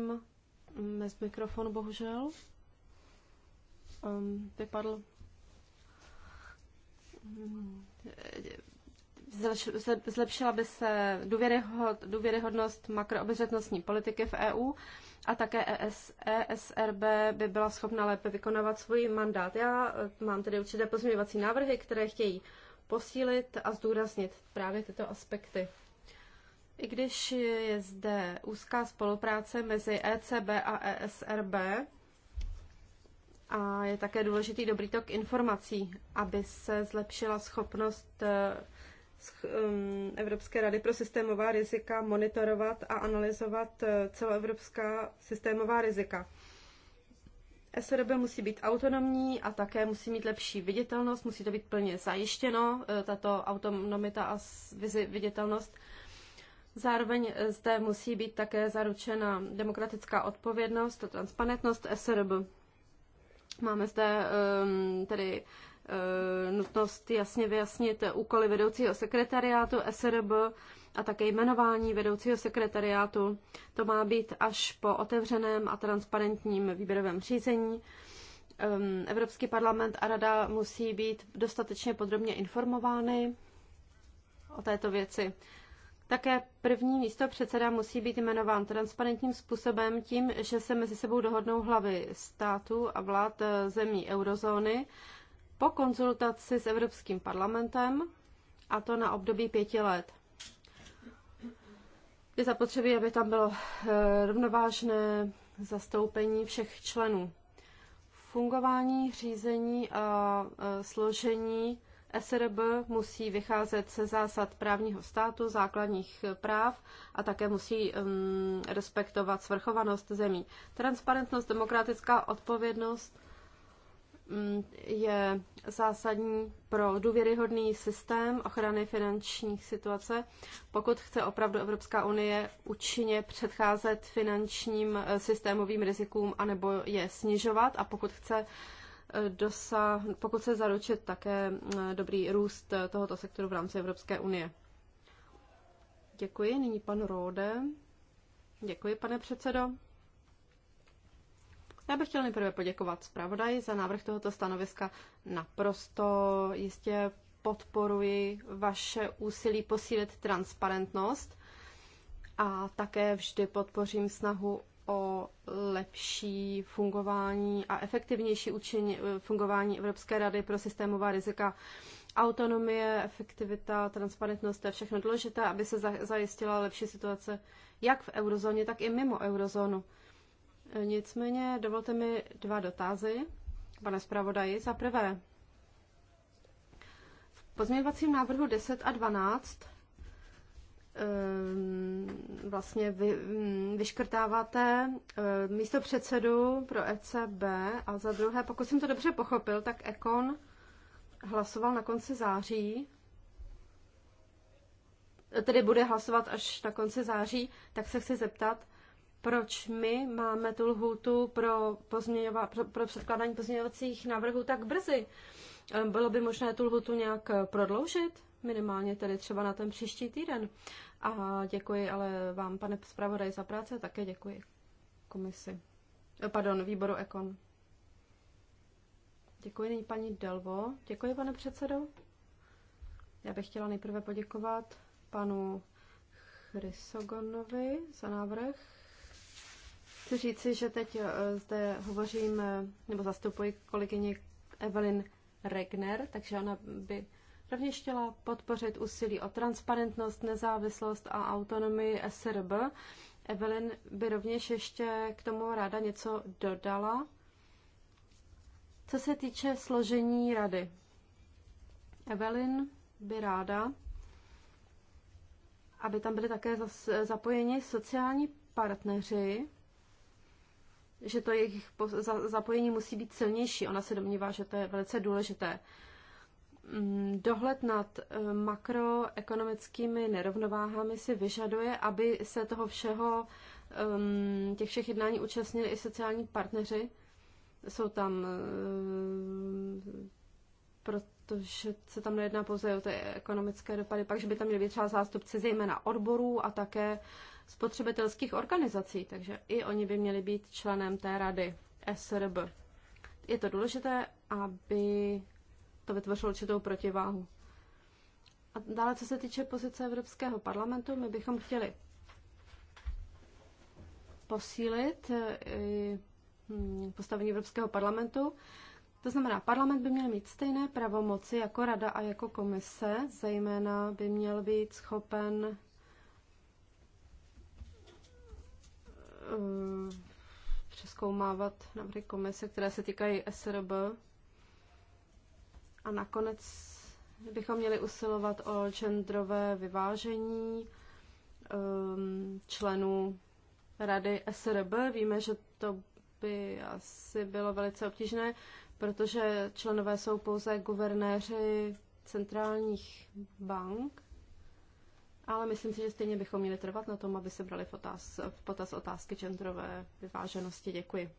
Mm, bez mikrofonu, bohužel. Um, vypadl. Zlepšila by se důvěryhodnost makroobezřetnostní politiky v EU a také ES, ESRB by byla schopna lépe vykonávat svůj mandát. Já eh, mám tedy určité pozměňovací návrhy, které chtějí posílit a zdůraznit právě tyto aspekty. I když je zde úzká spolupráce mezi ECB a ESRB, a je také důležitý dobrý tok informací, aby se zlepšila schopnost eh, um, Evropské rady pro systémová rizika monitorovat a analyzovat eh, celoevropská systémová rizika. E SRB musí být autonomní a také musí mít lepší viditelnost, musí to být plně zajištěno, eh, tato autonomita a viditelnost. Zároveň eh, zde musí být také zaručena demokratická odpovědnost a transparentnost SRB. Máme zde um, tedy um, nutnost jasně vyjasnit úkoly vedoucího sekretariátu SRB a také jmenování vedoucího sekretariátu. To má být až po otevřeném a transparentním výběrovém řízení. Um, Evropský parlament a rada musí být dostatečně podrobně informovány o této věci. Také první místo předseda musí být jmenován transparentním způsobem tím, že se mezi sebou dohodnou hlavy států a vlád eh, zemí eurozóny po konzultaci s Evropským parlamentem, a to na období pěti let. Je zapotřebí, aby tam bylo eh, rovnovážné zastoupení všech členů. Fungování, řízení a eh, složení SRB musí vycházet se zásad právního státu, základních práv a také musí um, respektovat svrchovanost zemí. Transparentnost, demokratická odpovědnost um, je zásadní pro důvěryhodný systém ochrany finančních situace, pokud chce opravdu Evropská unie účinně předcházet finančním eh, systémovým rizikům anebo je snižovat a pokud chce uh, dosa, pokud se zaručit také eh, dobrý růst eh, tohoto sektoru v rámci Evropské unie. Děkuji. Nyní pan Rode. Děkuji, pane předsedo. Já bych chtěl nejprve poděkovat zpravodaji za návrh tohoto stanoviska. Naprosto jistě podporuji vaše úsilí posílit transparentnost a také vždy podpořím snahu o lepší fungování a efektivnější učení, eh, fungování Evropské rady pro systémová rizika. Autonomie, efektivita, transparentnost, to je všechno důležité, aby se zajistila lepší situace jak v eurozóně, tak i mimo eurozónu. Eh, nicméně dovolte mi dva dotazy, pane zpravodaji. Za prvé, v pozměňovacím návrhu 10 a 12 Ehm, vlastně vy, mm, vyškrtáváte ehm, místo předsedu pro ECB a za druhé, pokud jsem to dobře pochopil, tak Ekon hlasoval na konci září, tedy bude hlasovat až na konci září, tak se chci zeptat, proč my máme tu lhůtu pro, pozměňova, pro, pro předkládání pozměňovacích návrhů tak brzy? Ehm, bylo by možné tu lhůtu nějak prodloužit? minimálně tedy třeba na ten příští týden. A děkuji ale vám, pane zpravodaj, za práce, také děkuji komisi. Eh, pardon, výboru Ekon. Děkuji nyní paní Delvo. Děkuji, pane předsedo. Já bych chtěla nejprve poděkovat panu Chrysogonovi za návrh. Chci říci, že teď eh, zde hovořím, eh, nebo zastupuji kolegyně Evelyn Regner, takže ona by Rovněž chtěla podpořit úsilí o transparentnost, nezávislost a autonomii SRB. Evelyn by rovněž ještě k tomu ráda něco dodala. Co se týče složení rady, Evelyn by ráda, aby tam byly také zapojeni sociální partneři, že to jejich zapojení musí být silnější. Ona se domnívá, že to je velice důležité. Mm, dohled nad eh, makroekonomickými nerovnováhami si vyžaduje, aby se toho všeho, mm, těch všech jednání účastnili i sociální partneři. Jsou tam, eh, protože se tam nejedná pouze o ty ekonomické dopady, pak, že by tam měli být třeba zástupci zejména odborů a také spotřebitelských organizací, takže i oni by měli být členem té rady SRB. Je to důležité, aby to vytvořilo určitou protiváhu. A dále, co se týče pozice Evropského parlamentu, my bychom chtěli posílit eh, hm, postavení Evropského parlamentu. To znamená, parlament by měl mít stejné pravomoci jako rada a jako komise, zejména by měl být schopen eh, přeskoumávat návrhy komise, které se týkají SRB a nakonec bychom měli usilovat o genderové vyvážení um, členů rady SRB. Víme, že to by asi bylo velice obtížné, protože členové jsou pouze guvernéři centrálních bank, ale myslím si, že stejně bychom měli trvat na tom, aby se brali v, otáz, v potaz otázky genderové vyváženosti. Děkuji.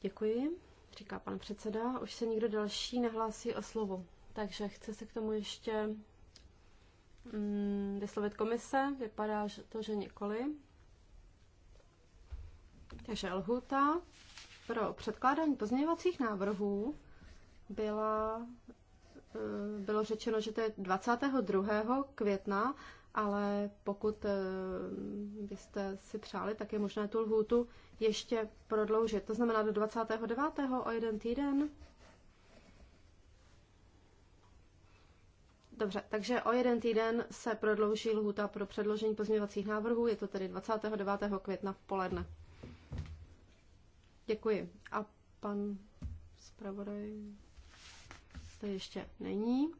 Děkuji říká pan předseda. Už se nikdo další nehlásí o slovo. Takže chce se k tomu ještě mm, vyslovit komise. Vypadá že to, že nikoli. Takže lhuta pro předkládání pozměňovacích návrhů byla, e, bylo řečeno, že to je 22. května ale pokud eh, byste si přáli, tak je možné tu lhůtu ještě prodloužit. To znamená do 29. o jeden týden. Dobře, takže o jeden týden se prodlouží lhůta pro předložení pozměňovacích návrhů, je to tedy 29. května v poledne. Děkuji. A pan zpravodaj to ještě není.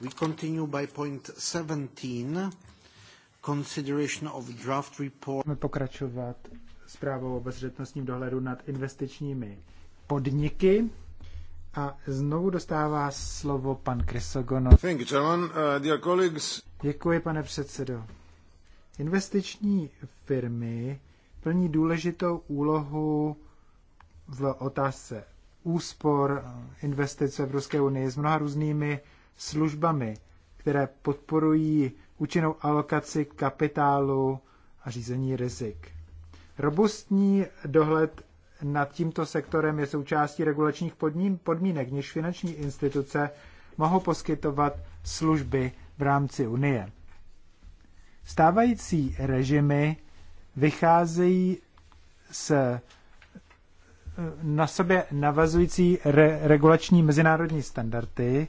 We continue by point 17, consideration of draft report. Můžeme pokračovat zprávou o bezřetnostním dohledu nad investičními podniky. A znovu dostává slovo pan Krysogono. Thank you, Chairman. Uh, dear colleagues. Děkuji, pane předsedo. Investiční firmy plní důležitou úlohu v otázce úspor investice v Ruské unii s mnoha různými službami, které podporují účinnou alokaci kapitálu a řízení rizik. Robustní dohled nad tímto sektorem je součástí regulačních podmínek, než finanční instituce mohou poskytovat služby v rámci Unie. Stávající režimy vycházejí z eh, na sobě navazující re, regulační mezinárodní standardy,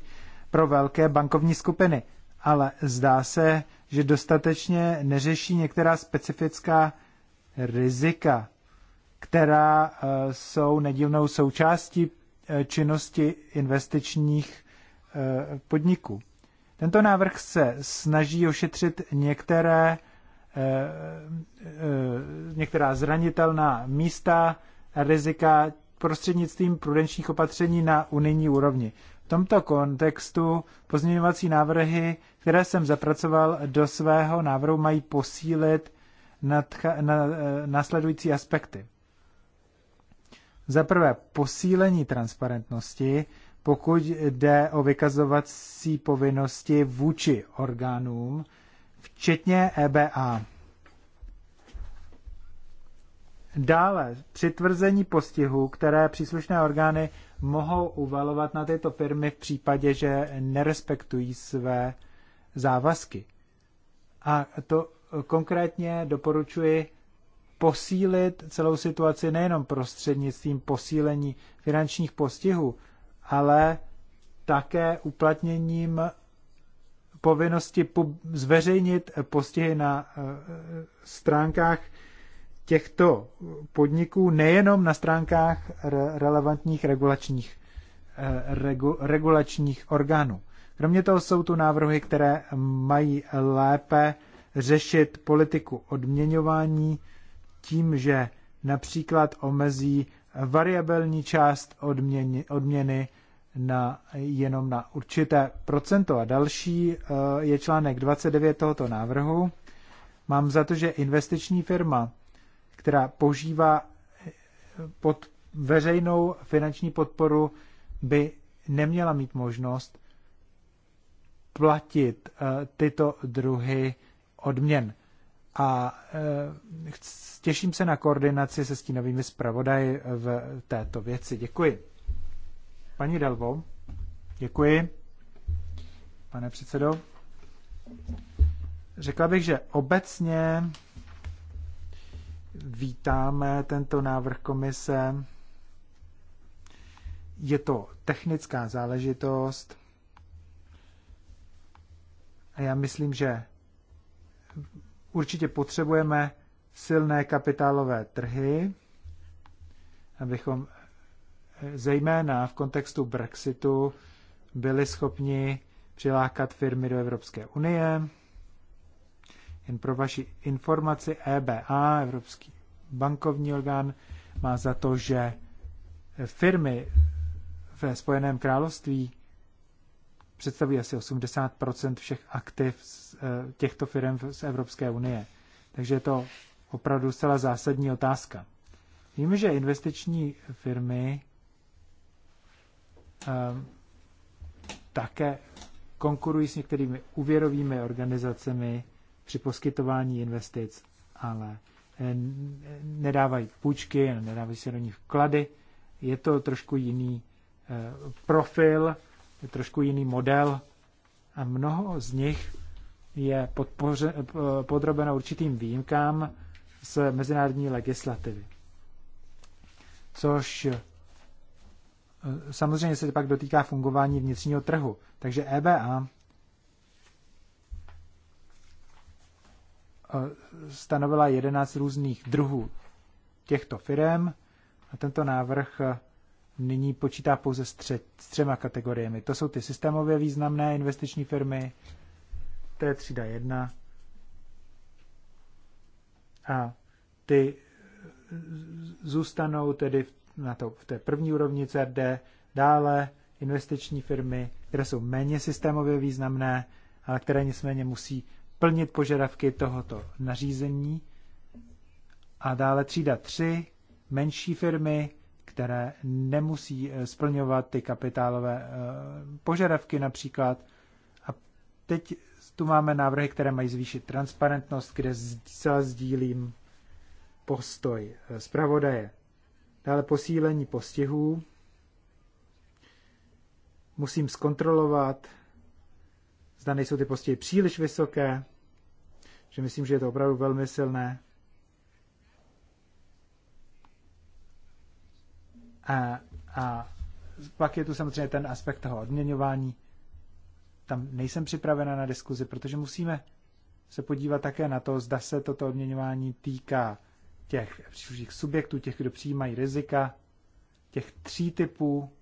pro velké bankovní skupiny, ale zdá se, že dostatečně neřeší některá specifická rizika, která eh, jsou nedílnou součástí eh, činnosti investičních eh, podniků. Tento návrh se snaží ošetřit některé, některá zranitelná místa rizika prostřednictvím prudenčních opatření na unijní úrovni tomto kontextu pozměňovací návrhy, které jsem zapracoval do svého návrhu, mají posílit nadcha- na, eh, následující aspekty. Za prvé, posílení transparentnosti, pokud jde o vykazovací povinnosti vůči orgánům, včetně EBA. Dále přitvrzení postihu, které příslušné orgány mohou uvalovat na tyto firmy v případě, že nerespektují své závazky. A to konkrétně doporučuji posílit celou situaci nejenom prostřednictvím posílení finančních postihů, ale také uplatněním povinnosti zveřejnit postihy na eh, eh, stránkách těchto podniků nejenom na stránkách relevantních regulačních, eh, regu, regulačních orgánů. Kromě toho jsou tu návrhy, které mají lépe řešit politiku odměňování tím, že například omezí variabilní část odměny, odměny na, jenom na určité procento. A další eh, je článek 29 tohoto návrhu. Mám za to, že investiční firma která požívá eh, pod veřejnou finanční podporu, by neměla mít možnost platit eh, tyto druhy odměn. A eh, těším se na koordinaci se stínovými zpravodaji v této věci. Děkuji. Paní Delvo, děkuji. Pane předsedo, řekla bych, že obecně Vítáme tento návrh komise. Je to technická záležitost a já myslím, že určitě potřebujeme silné kapitálové trhy, abychom zejména v kontextu Brexitu byli schopni přilákat firmy do Evropské unie. Jen pro vaši informaci, EBA, Evropský bankovní orgán, má za to, že firmy ve Spojeném království představují asi 80 všech aktiv z e, těchto firm z Evropské unie. Takže je to opravdu zcela zásadní otázka. Víme, že investiční firmy um, také konkurují s některými úvěrovými organizacemi při poskytování investic, ale eh, eh, nedávají půjčky, nedávají se do nich vklady. Je to trošku jiný eh, profil, je trošku jiný model a mnoho z nich je podpoře, podrobeno určitým výjimkám z mezinárodní legislativy. Což samozřejmě se pak dotýká fungování vnitřního trhu. Takže EBA Eh, stanovila 11 různých druhů těchto firm a tento návrh eh, nyní počítá pouze s, tře, s třema kategoriemi. To jsou ty systémově významné investiční firmy, to je třída 1 a ty eh, zůstanou tedy na to, v té první úrovni CRD, dále investiční firmy, které jsou méně systémově významné, ale které nicméně musí plnit požadavky tohoto nařízení. A dále třída 3, menší firmy, které nemusí eh, splňovat ty kapitálové eh, požadavky například. A teď tu máme návrhy, které mají zvýšit transparentnost, kde se sdílím postoj eh, zpravodaje. Dále posílení postihů. Musím zkontrolovat, zda nejsou ty postihy příliš vysoké že myslím, že je to opravdu velmi silné. A, a pak je tu samozřejmě ten aspekt toho odměňování. Tam nejsem připravena na diskuzi, protože musíme se podívat také na to, zda se toto odměňování týká těch příslušných subjektů, těch, kdo přijímají rizika, těch tří typů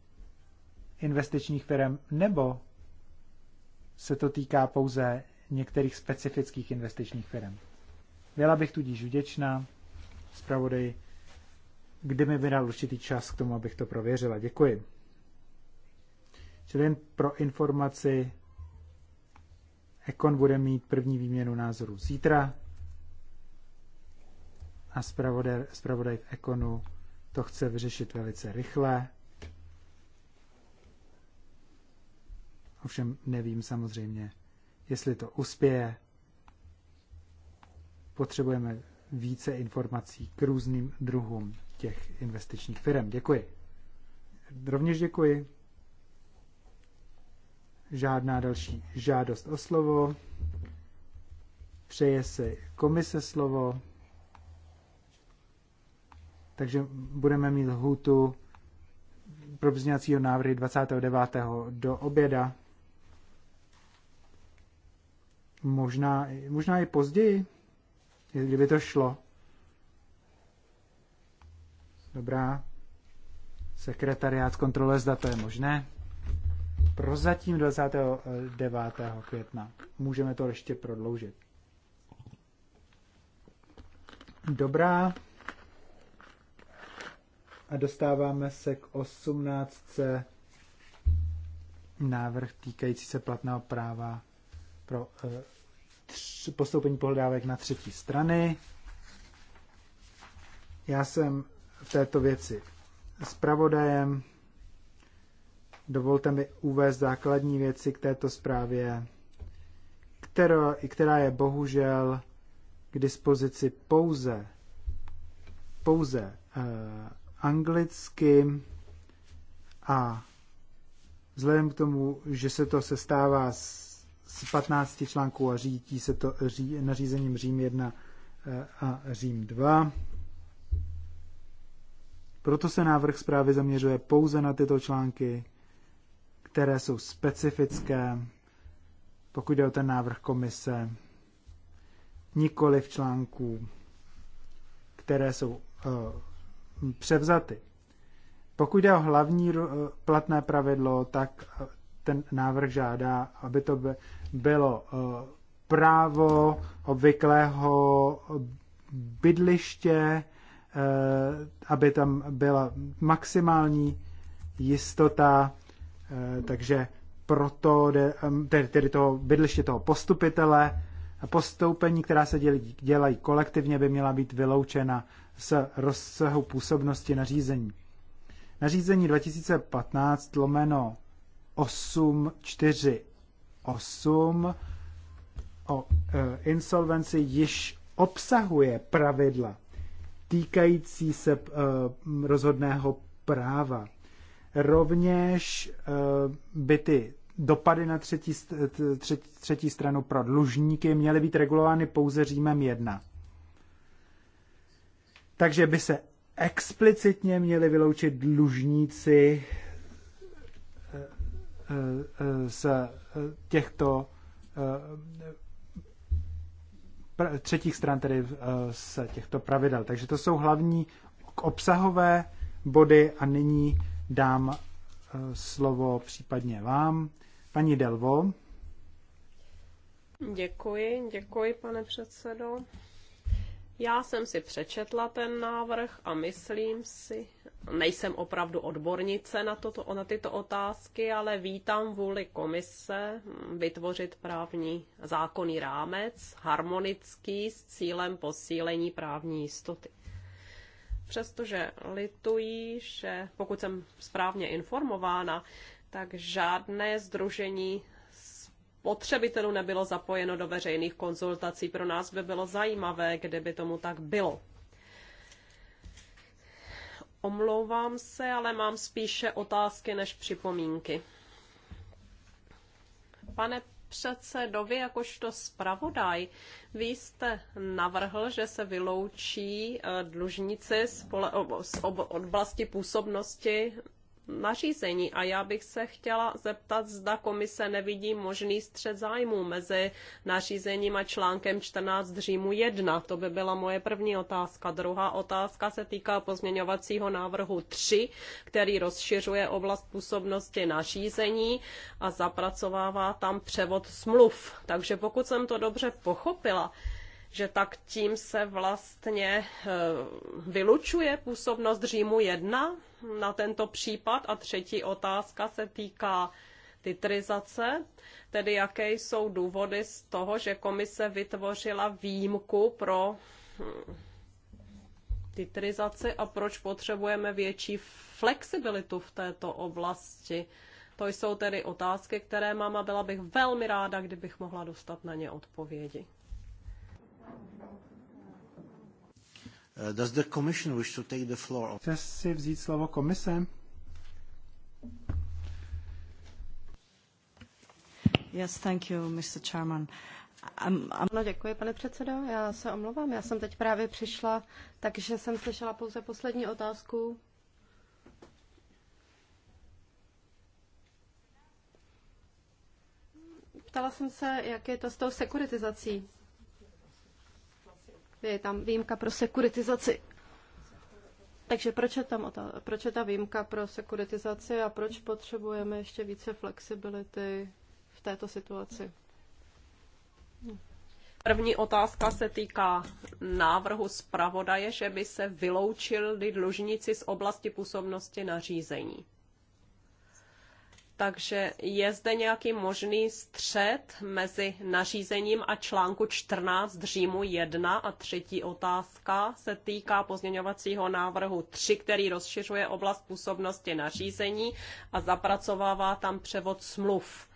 investičních firm, nebo se to týká pouze některých specifických investičních firm. Byla bych tudíž vděčná zpravodaji, kdy mi vydal určitý čas k tomu, abych to prověřila. Děkuji. Čili jen pro informaci, Ekon bude mít první výměnu názoru zítra a zpravodaj, zpravodaj v Ekonu to chce vyřešit velice rychle. Ovšem nevím samozřejmě, jestli to uspěje. Potřebujeme více informací k různým druhům těch investičních firm. Děkuji. Rovněž děkuji. Žádná další žádost o slovo. Přeje si komise slovo. Takže budeme mít lhůtu pro návrhy 29. do oběda Možná, možná i později, kdyby to šlo. Dobrá. Sekretariát kontroluje, zda to je možné. Prozatím 29. května. Můžeme to ještě prodloužit. Dobrá. A dostáváme se k 18. Návrh týkající se platného práva pro eh, postoupení pohledávek na třetí strany. Já jsem v této věci zpravodajem. Dovolte mi uvést základní věci k této zprávě, která, která je bohužel k dispozici pouze, pouze eh, anglicky a vzhledem k tomu, že se to sestává z z 15 článků a řídí se to ří, nařízením Řím 1 eh, a Řím 2. Proto se návrh zprávy zaměřuje pouze na tyto články, které jsou specifické, pokud jde o ten návrh komise, nikoli v článků, které jsou uh, převzaty. Pokud jde o hlavní eh, platné pravidlo, tak ten návrh žádá, aby to bylo eh, právo obvyklého bydliště, eh, aby tam byla maximální jistota, eh, takže proto, tedy toho bydliště toho postupitele, postoupení, která se dělí, dělají kolektivně, by měla být vyloučena z rozsahu působnosti nařízení. Nařízení 2015 lomeno 848 o eh, insolvenci již obsahuje pravidla týkající se eh, rozhodného práva. Rovněž eh, by ty dopady na třetí, třetí stranu pro dlužníky měly být regulovány pouze Římem 1. Takže by se explicitně měli vyloučit dlužníci z eh, těchto eh, třetích stran, tedy eh, z těchto pravidel. Takže to jsou hlavní obsahové body a nyní dám slovo případně vám. Paní Delvo. Děkuji, děkuji, pane předsedo. Já jsem si přečetla ten návrh a myslím si, nejsem opravdu odbornice na, toto, na tyto otázky, ale vítám vůli komise vytvořit právní zákonný rámec, harmonický s cílem posílení právní jistoty. Přestože lituji, že pokud jsem správně informována, tak žádné združení spotřebitelů nebylo zapojeno do veřejných konzultací. Pro nás by bylo zajímavé, kdyby tomu tak bylo. Omlouvám se, ale mám spíše otázky než připomínky. Pane předsedo, vy jakožto zpravodaj, vy jste navrhl, že se vyloučí eh, dlužníci z oblasti působnosti nařízení a já bych se chtěla zeptat, zda komise nevidí možný střed zájmů mezi nařízením a článkem 14 Římu 1. To by byla moje první otázka. Druhá otázka se týká pozměňovacího návrhu 3, který rozšiřuje oblast působnosti nařízení a zapracovává tam převod smluv. Takže pokud jsem to dobře pochopila, že tak tím se vlastně eh, vylučuje působnost Římu 1 na tento případ? A třetí otázka se týká titrizace, tedy jaké jsou důvody z toho, že komise vytvořila výjimku pro hm, titrizaci a proč potřebujeme větší flexibilitu v této oblasti. To jsou tedy otázky, které mám a byla bych velmi ráda, kdybych mohla dostat na ně odpovědi. Uh, does the commission wish to take the floor? Chce si vzít slovo komise? Yes, thank you, Mr. Chairman. Um, um... No, děkuji, pane předsedo. Já se omlouvám, já jsem teď právě přišla, takže jsem slyšela pouze poslední otázku. Ptala jsem se, jak je to s tou sekuritizací je tam výjimka pro sekuritizaci. Takže proč je, tam ta, proč je ta výjimka pro sekuritizaci a proč potřebujeme ještě více flexibility v této situaci? První otázka se týká návrhu zpravodaje, že by se vyloučili dlužníci z oblasti působnosti nařízení. Takže je zde nějaký možný střed mezi nařízením a článku 14 Římu 1 a třetí otázka se týká pozměňovacího návrhu 3, který rozšiřuje oblast působnosti nařízení a zapracovává tam převod smluv.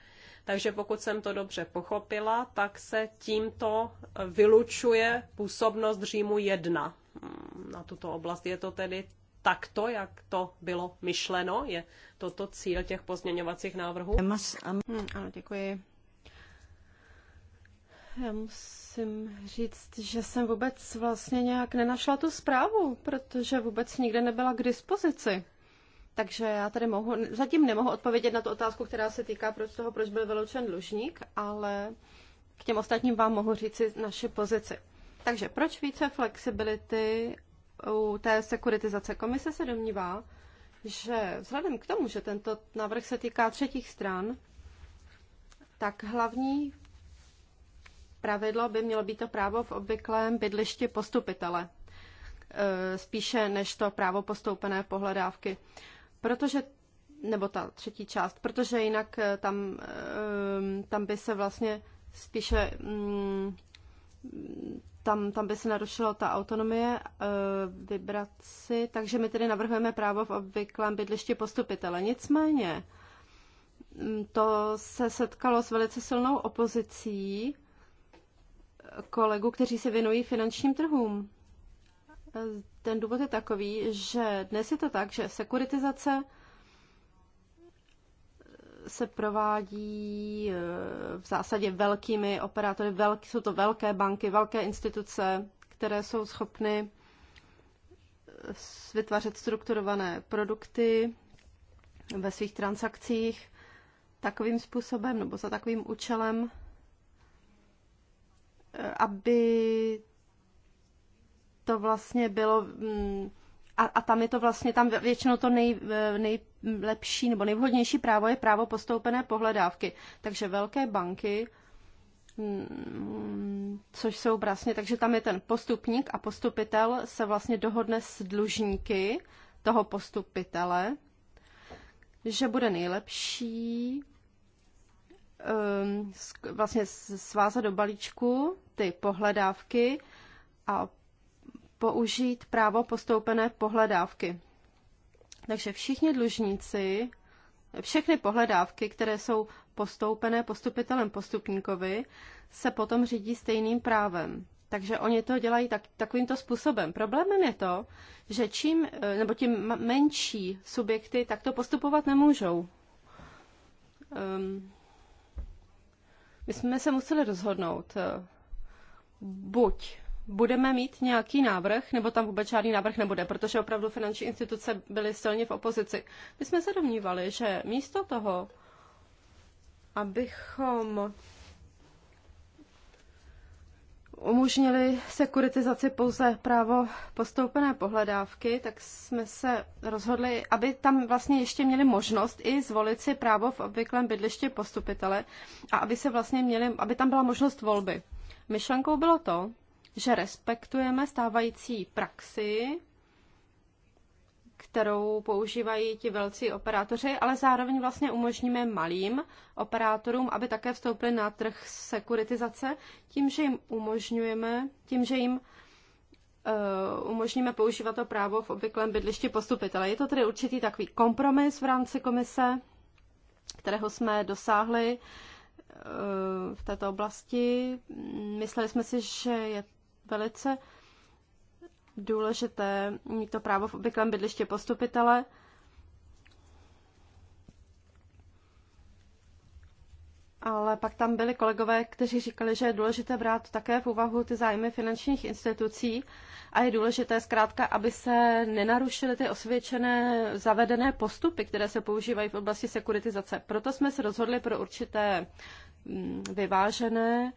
Takže pokud jsem to dobře pochopila, tak se tímto vylučuje působnost Římu 1 hmm, na tuto oblast. Je to tedy takto, jak to bylo myšleno? Je toto cíl těch pozměňovacích návrhů? Hmm, ano, děkuji. Já musím říct, že jsem vůbec vlastně nějak nenašla tu zprávu, protože vůbec nikde nebyla k dispozici. Takže já tady mohu, zatím nemohu odpovědět na tu otázku, která se týká proč toho, proč byl vyloučen dlužník, ale k těm ostatním vám mohu říci naše pozici. Takže proč více flexibility u té sekuritizace. Komise se domnívá, že vzhledem k tomu, že tento návrh se týká třetích stran, tak hlavní pravidlo by mělo být to právo v obvyklém bydlišti postupitele, e, spíše než to právo postoupené pohledávky. Protože nebo ta třetí část, protože jinak e, tam, e, tam by se vlastně spíše mm, tam, tam by se narušila ta autonomie eh, vybrat si, takže my tedy navrhujeme právo v obvyklém bydlišti postupitele. Nicméně mm, to se setkalo s velice silnou opozicí kolegů, kteří se věnují finančním trhům. Eh, ten důvod je takový, že dnes je to tak, že sekuritizace se provádí eh, v zásadě velkými operátory, velký, jsou to velké banky, velké instituce, které jsou schopny eh, vytvářet strukturované produkty ve svých transakcích takovým způsobem nebo za takovým účelem, eh, aby to vlastně bylo mm, a, a tam je to vlastně, tam většinou to nej, nej nejlepší nebo nejvhodnější právo je právo postoupené pohledávky. Takže velké banky, mm, což jsou vlastně, takže tam je ten postupník a postupitel se vlastně dohodne s dlužníky toho postupitele, že bude nejlepší ehm, vlastně svázat do balíčku ty pohledávky a použít právo postoupené pohledávky. Takže všichni dlužníci, všechny pohledávky, které jsou postoupené postupitelem postupníkovi, se potom řídí stejným právem. Takže oni to dělají tak, takovýmto způsobem. Problémem je to, že čím, eh, nebo tím menší subjekty takto postupovat nemůžou. Um, my jsme se museli rozhodnout, eh, buď budeme mít nějaký návrh, nebo tam vůbec žádný návrh nebude, protože opravdu finanční instituce byly silně v opozici. My jsme se domnívali, že místo toho, abychom umožnili sekuritizaci pouze právo postoupené pohledávky, tak jsme se rozhodli, aby tam vlastně ještě měli možnost i zvolit si právo v obvyklém bydlišti postupitele a aby se vlastně měli, aby tam byla možnost volby. Myšlenkou bylo to, že respektujeme stávající praxi, kterou používají ti velcí operátoři, ale zároveň vlastně umožníme malým operátorům, aby také vstoupili na trh sekuritizace, tím, že jim umožňujeme, tím, že jim eh, umožníme používat to právo v obvyklém bydlišti postupitele. Je to tedy určitý takový kompromis v rámci komise, kterého jsme dosáhli eh, v této oblasti. Mysleli jsme si, že je velice důležité mít to právo v obvyklém bydliště postupitele. Ale pak tam byli kolegové, kteří říkali, že je důležité brát také v úvahu ty zájmy finančních institucí a je důležité zkrátka, aby se nenarušily ty osvědčené zavedené postupy, které se používají v oblasti sekuritizace. Proto jsme se rozhodli pro určité mm, vyvážené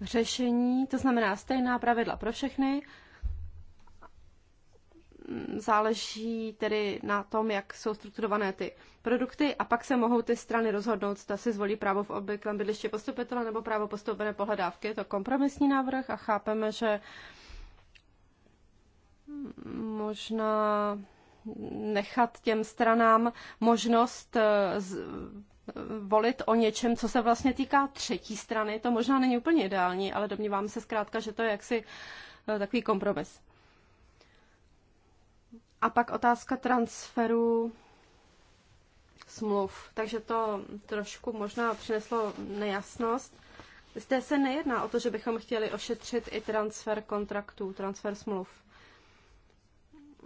řešení, to znamená stejná pravidla pro všechny. Záleží tedy na tom, jak jsou strukturované ty produkty a pak se mohou ty strany rozhodnout, zda si zvolí právo v obvyklém bydliště postupitele nebo právo postoupené pohledávky. Je to kompromisní návrh a chápeme, že možná nechat těm stranám možnost eh, volit o něčem, co se vlastně týká třetí strany. To možná není úplně ideální, ale domnívám se zkrátka, že to je jaksi eh, takový kompromis. A pak otázka transferu smluv. Takže to trošku možná přineslo nejasnost. Zde se nejedná o to, že bychom chtěli ošetřit i transfer kontraktů, transfer smluv.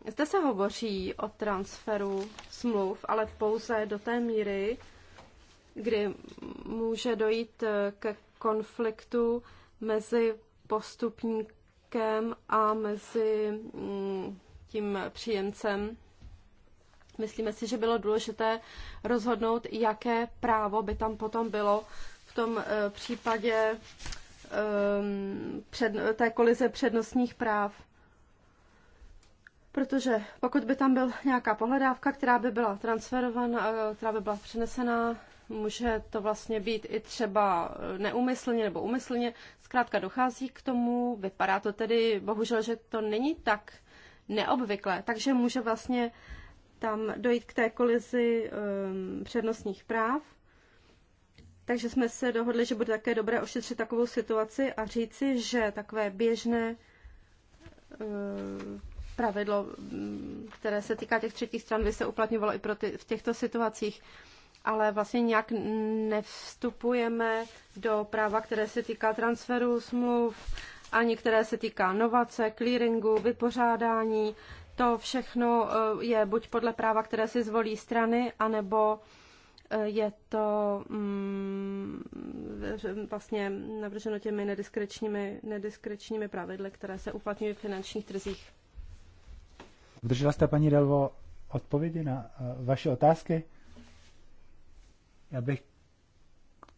Zde se hovoří o transferu smluv, ale pouze do té míry, kdy může dojít eh, ke konfliktu mezi postupníkem a mezi mm, tím příjemcem. Myslíme si, že bylo důležité rozhodnout, jaké právo by tam potom bylo v tom eh, případě ehm, před, té kolize přednostních práv. Protože pokud by tam byla nějaká pohledávka, která by byla transferovaná, eh, která by byla přenesena může to vlastně být i třeba neumyslně nebo umyslně. Zkrátka dochází k tomu, vypadá to tedy, bohužel, že to není tak neobvyklé, takže může vlastně tam dojít k té kolizi um, přednostních práv. Takže jsme se dohodli, že bude také dobré ošetřit takovou situaci a říci, že takové běžné um, pravidlo, které se týká těch třetích stran, by se uplatňovalo i pro ty, v těchto situacích. Um, ale vlastně nějak nevstupujeme do práva, které se týká transferu smluv, ani které se týká novace, clearingu, vypořádání. To všechno eh, je buď podle práva, které si zvolí strany, anebo eh, je to mm, vlastně navrženo těmi nediskrečními, nediskrečními pravidly, které se uplatňují v finančních trzích. Obdržela jste, paní Delvo, odpovědi na eh, vaše otázky? Já bych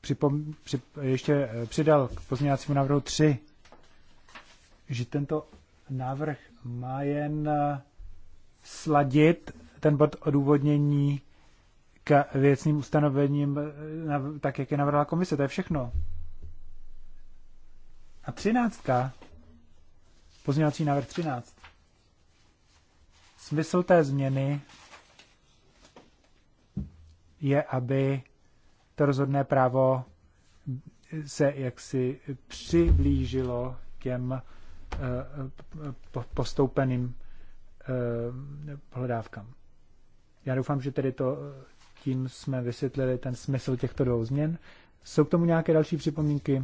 připom, přip, ještě eh, přidal k pozměňovacímu návrhu 3, že tento návrh má jen eh, sladit ten bod odůvodnění k věcným ustanovením, eh, tak jak je navrhla komise. To je všechno. A třináctka, pozměňovací návrh 13. Smysl té změny je, aby to rozhodné právo se jaksi přiblížilo těm eh, postoupeným eh, pohledávkám. Já doufám, že tedy to eh, tím jsme vysvětlili ten smysl těchto dvou změn. Jsou k tomu nějaké další připomínky?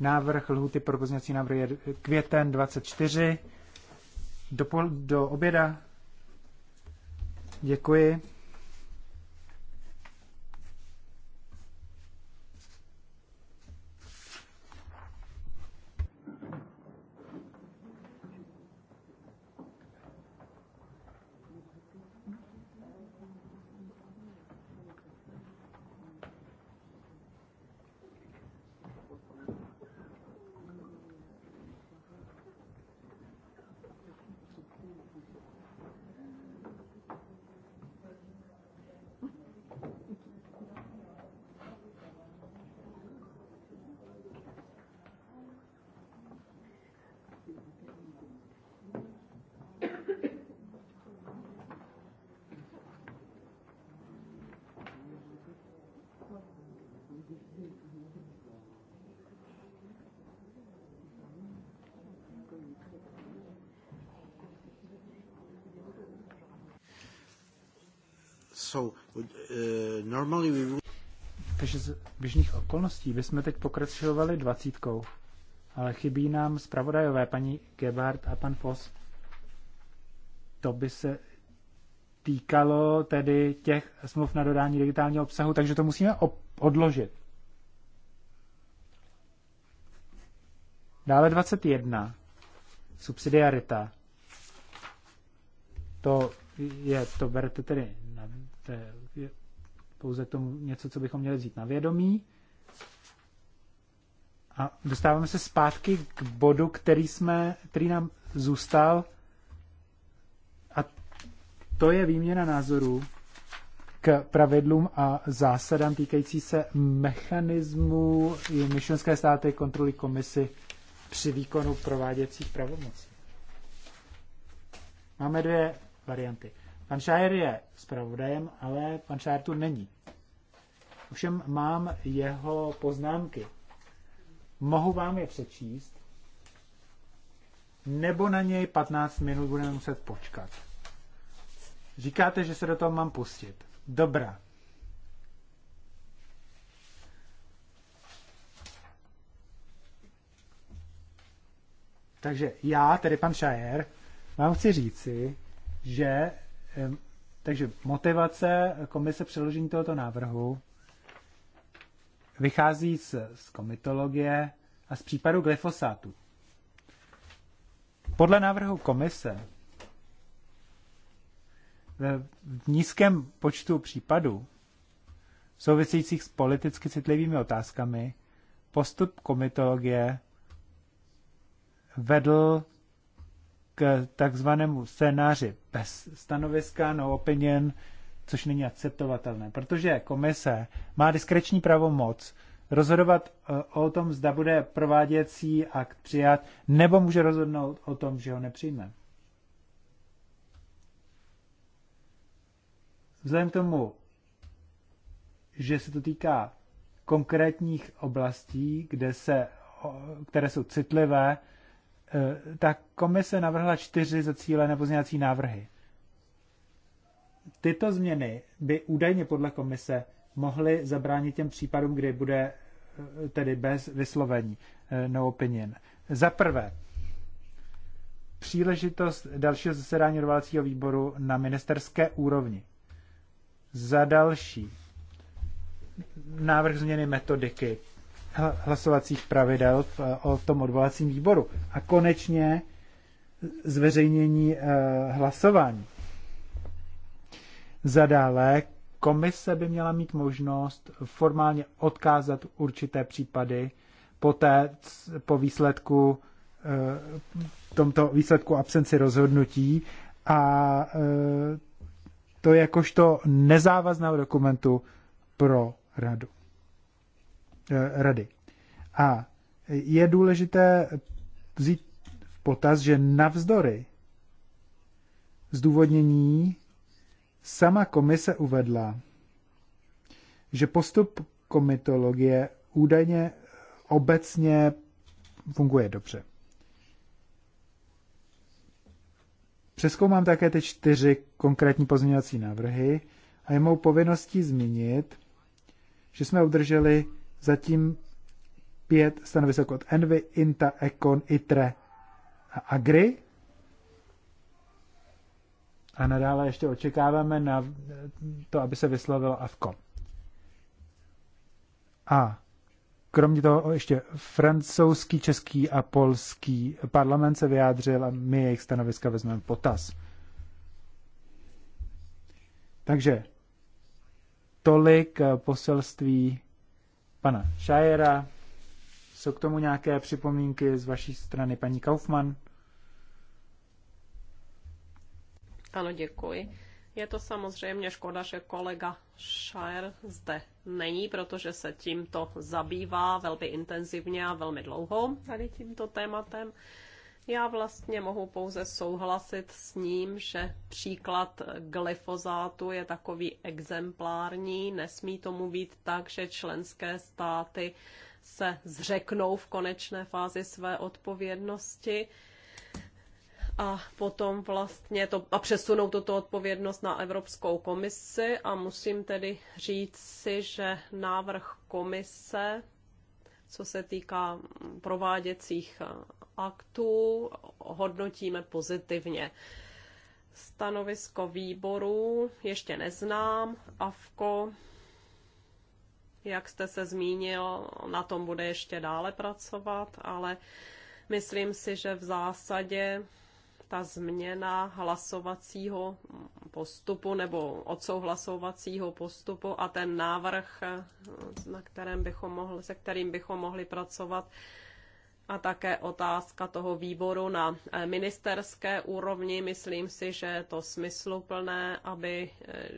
Návrh lhuty pro pozměňovací návrh je květen 24 do, pol, do oběda Děkuji. běžných okolností bychom teď pokračovali dvacítkou, ale chybí nám zpravodajové paní Gebhardt a pan Foss. To by se týkalo tedy těch smluv na dodání digitálního obsahu, takže to musíme odložit. Dále 21. Subsidiarita. To je, to berete tedy na, to je, pouze k tomu něco, co bychom měli vzít na vědomí. A dostáváme se zpátky k bodu, který, jsme, který nám zůstal. A to je výměna názorů k pravidlům a zásadám týkající se mechanismu myšlenské státy kontroly komisy při výkonu prováděcích pravomocí. Máme dvě varianty. Pan Šájer je zpravodajem, ale pan Šájer tu není. Ovšem mám jeho poznámky. Mohu vám je přečíst, nebo na něj 15 minut budeme muset počkat. Říkáte, že se do toho mám pustit. Dobrá. Takže já, tedy pan Šajer, vám chci říci, že takže motivace komise přeložení tohoto návrhu vychází z, z komitologie a z případu glyfosátu. Podle návrhu komise v nízkém počtu případů souvisejících s politicky citlivými otázkami postup komitologie vedl takzvanému scénáři bez stanoviska, no opinion, což není akceptovatelné, protože komise má diskreční pravomoc rozhodovat eh, o tom, zda bude prováděcí akt přijat, nebo může rozhodnout o tom, že ho nepřijme. Vzhledem k tomu, že se to týká konkrétních oblastí, kde se, které jsou citlivé Eh, tak komise navrhla čtyři zacílené pozměňovací návrhy. Tyto změny by údajně podle komise mohly zabránit těm případům, kdy bude eh, tedy bez vyslovení eh, no opinion. Za prvé, příležitost dalšího zasedání rovalacího výboru na ministerské úrovni. Za další, návrh změny metodiky hlasovacích pravidel v, o tom odvolacím výboru. A konečně zveřejnění eh, hlasování. Zadále komise by měla mít možnost formálně odkázat určité případy poté po výsledku eh, tomto výsledku absenci rozhodnutí a eh, to jakožto nezávazného dokumentu pro radu. Eh, rady. A je důležité vzít v potaz, že navzdory zdůvodnění sama komise uvedla, že postup komitologie údajně obecně funguje dobře. Přeskoumám také ty čtyři konkrétní pozměňovací návrhy a je mou povinností zmínit, že jsme obdrželi Zatím pět stanovisek od Envy, Inta, Econ, Itre a Agri. A nadále ještě očekáváme na to, aby se vyslovilo AFCO. A kromě toho ještě francouzský, český a polský parlament se vyjádřil a my jejich stanoviska vezmeme potaz. Takže tolik poselství pana Šajera. Jsou k tomu nějaké připomínky z vaší strany, paní Kaufmann? Ano, děkuji. Je to samozřejmě škoda, že kolega Šajer zde není, protože se tímto zabývá velmi intenzivně a velmi dlouho tady tímto tématem. Já vlastně mohu pouze souhlasit s ním, že příklad glyfozátu je takový exemplární. Nesmí tomu být tak, že členské státy se zřeknou v konečné fázi své odpovědnosti a potom vlastně to a přesunou tuto odpovědnost na Evropskou komisi a musím tedy říct si, že návrh komise co se týká prováděcích eh, aktů, hodnotíme pozitivně. Stanovisko výboru ještě neznám. AFKO, jak jste se zmínil, na tom bude ještě dále pracovat, ale myslím si, že v zásadě ta změna hlasovacího postupu nebo odsouhlasovacího postupu a ten návrh, na kterém bychom mohli, se kterým bychom mohli pracovat, a také otázka toho výboru na eh, ministerské úrovni. Myslím si, že je to smysluplné, aby eh,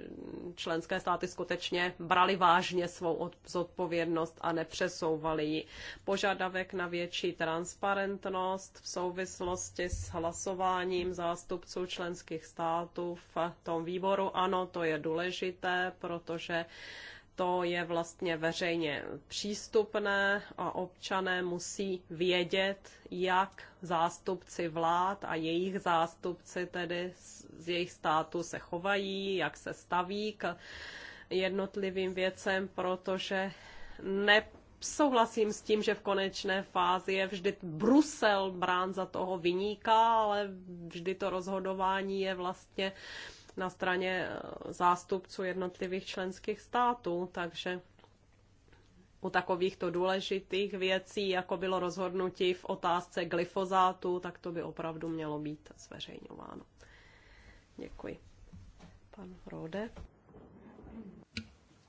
členské státy skutečně brali vážně svou zodpovědnost a nepřesouvali ji. Požadavek na větší transparentnost v souvislosti s hlasováním zástupců členských států v tom výboru. Ano, to je důležité, protože to je vlastně veřejně přístupné a občané musí vědět, jak zástupci vlád a jejich zástupci tedy z jejich státu se chovají, jak se staví k jednotlivým věcem, protože ne souhlasím s tím, že v konečné fázi je vždy Brusel brán za toho vyníka, ale vždy to rozhodování je vlastně uh, na straně eh, zástupců jednotlivých členských států, takže u takovýchto důležitých věcí, jako bylo rozhodnutí v otázce glyfozátu, tak to by opravdu mělo být zveřejňováno. Děkuji. Pan Rode.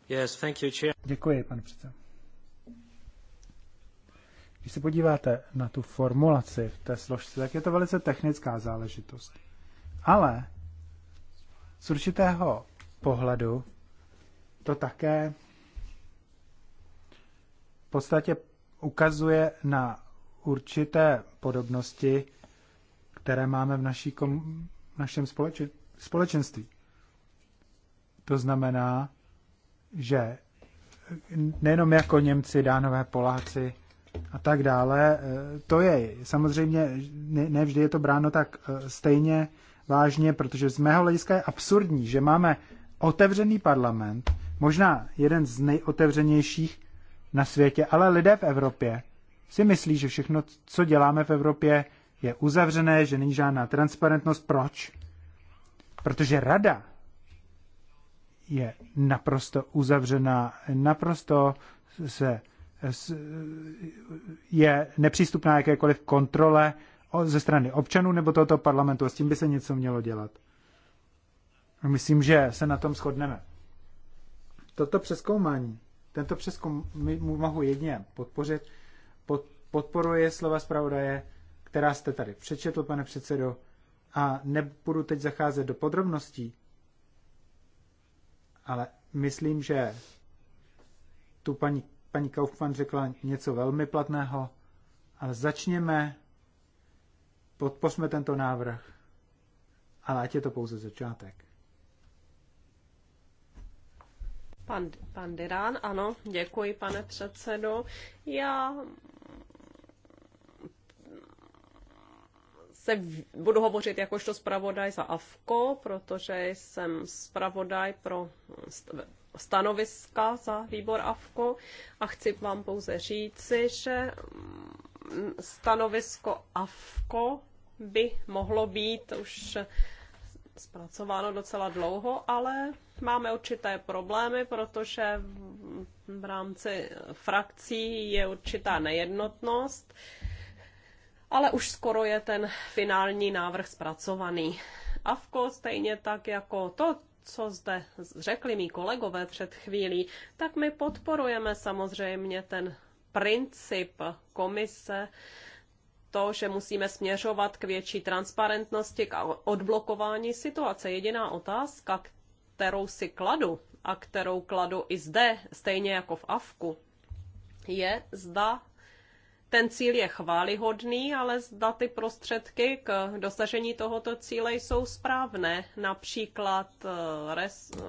Yes, thank you, chair. Děkuji, pane předseda. Když se podíváte na tu formulaci v té složce, tak je to velice technická záležitost. Ale z určitého pohledu to také v podstatě ukazuje na určité podobnosti, které máme v, naší kom, v našem společen, společenství. To znamená, že nejenom jako Němci, Dánové, Poláci a tak dále, eh, to je samozřejmě, nevždy je to bráno tak eh, stejně, vážně, protože z mého hlediska je absurdní, že máme otevřený parlament, možná jeden z nejotevřenějších na světě, ale lidé v Evropě si myslí, že všechno, co děláme v Evropě, je uzavřené, že není žádná transparentnost. Proč? Protože rada je naprosto uzavřená, naprosto se je nepřístupná jakékoliv kontrole, ze strany občanů nebo tohoto parlamentu a s tím by se něco mělo dělat. Myslím, že se na tom shodneme. Toto přeskoumání, tento mu mohu jedině podpořit, pod, podporuje slova zpravodaje, která jste tady přečetl, pane předsedo, a nebudu teď zacházet do podrobností, ale myslím, že tu paní, paní Kaufmann řekla něco velmi platného, ale začněme podpořme tento návrh, ale ať je to pouze začátek. Pan, pan Dirán, ano, děkuji, pane předsedo. Já se budu hovořit jakožto zpravodaj za AFKO, protože jsem zpravodaj pro stanoviska za výbor AFKO a chci vám pouze říci, že stanovisko AFKO by mohlo být už zpracováno docela dlouho, ale máme určité problémy, protože v rámci frakcí je určitá nejednotnost, ale už skoro je ten finální návrh zpracovaný. AVKO stejně tak jako to, co zde řekli mý kolegové před chvílí, tak my podporujeme samozřejmě ten princip komise, to, že musíme směřovat k větší transparentnosti, k odblokování situace. Jediná otázka, kterou si kladu a kterou kladu i zde, stejně jako v Afku je, zda ten cíl je chválihodný, ale zda ty prostředky k dosažení tohoto cíle jsou správné. Například eh, res, eh,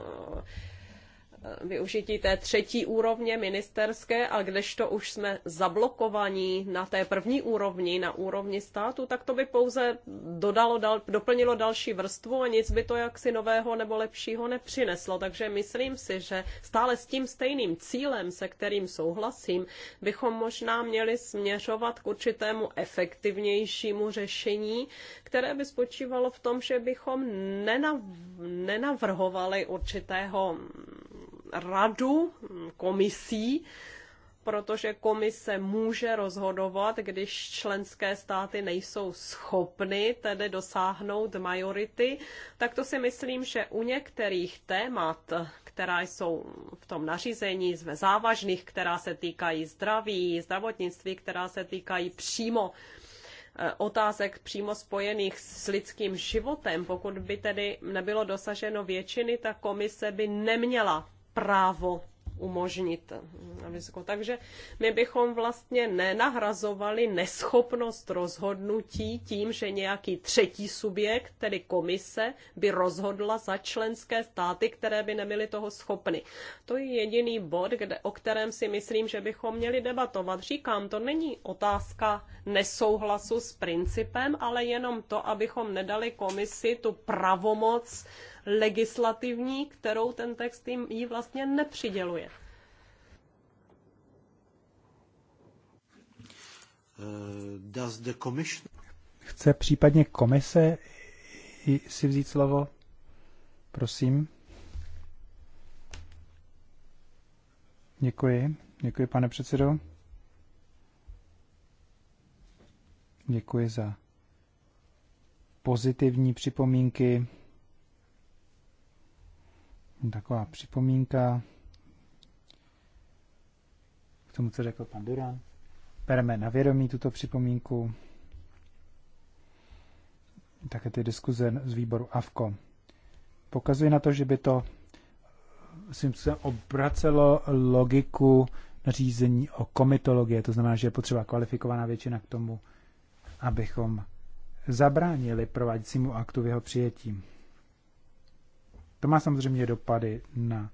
Eh, využití té třetí úrovně ministerské, a kdežto už jsme zablokovaní na té první úrovni, na úrovni státu, tak to by pouze dodalo, dal, doplnilo další vrstvu a nic by to jaksi nového nebo lepšího nepřineslo. Takže myslím si, že stále s tím stejným cílem, se kterým souhlasím, bychom možná měli směřovat k určitému efektivnějšímu řešení, které by spočívalo v tom, že bychom nenav, nenavrhovali určitého radu mm, komisí, protože komise může rozhodovat, když členské státy nejsou schopny tedy dosáhnout majority, tak to si myslím, že u některých témat, která jsou v tom nařízení závažných, která se týkají zdraví, zdravotnictví, která se týkají přímo eh, otázek přímo spojených s lidským životem, pokud by tedy nebylo dosaženo většiny, ta komise by neměla právo umožnit. Eh, Takže my bychom vlastně nenahrazovali neschopnost rozhodnutí tím, že nějaký třetí subjekt, tedy komise, by rozhodla za členské státy, které by nebyly toho schopny. To je jediný bod, kde, o kterém si myslím, že bychom měli debatovat. Říkám, to není otázka nesouhlasu s principem, ale jenom to, abychom nedali komisi tu pravomoc legislativní, kterou ten text jim jí vlastně nepřiděluje. Eh, does the commission... Chce případně komise si vzít slovo? Prosím. Děkuji. Děkuji, pane předsedo. Děkuji za pozitivní připomínky taková připomínka k tomu, co řekl pan Duran. Bereme na vědomí tuto připomínku, také ty diskuze z výboru AVKO. Pokazuje na to, že by to myslím, se obracelo logiku nařízení o komitologie, to znamená, že je potřeba kvalifikovaná většina k tomu, abychom zabránili prováděcímu aktu v jeho přijetím. To má samozřejmě dopady na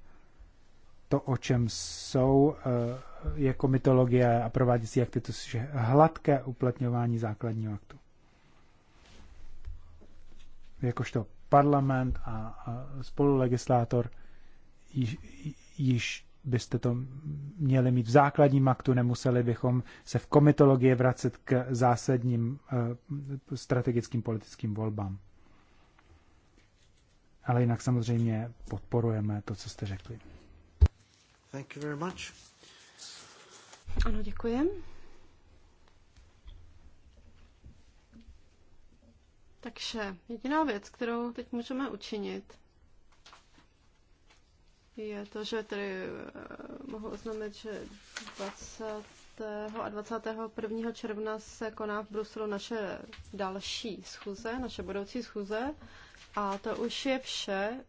to, o čem jsou eh, jako mytologie a prováděcí akty, to je hladké uplatňování základního aktu. Jakožto parlament a, spolulegislátor již, již byste to měli mít v základním aktu, nemuseli bychom se v komitologii vracet k zásadním eh, strategickým politickým volbám ale jinak samozřejmě podporujeme to, co jste řekli. Thank you very much. Ano, děkuji. Takže jediná věc, kterou teď můžeme učinit, je to, že tedy eh, mohu oznámit, že 20. a 21. června se koná v Bruselu naše další schůze, naše budoucí schůze. A to už je vše.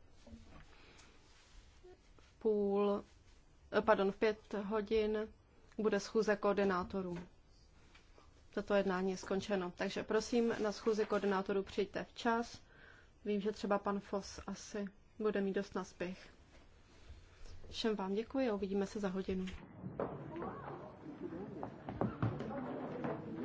V půl, pardon, v pět hodin bude schůze koordinátorů. Toto jednání je skončeno. Takže prosím, na schůzi koordinátorů přijďte včas. Vím, že třeba pan Fos asi bude mít dost naspěch. Všem vám děkuji a uvidíme se za hodinu.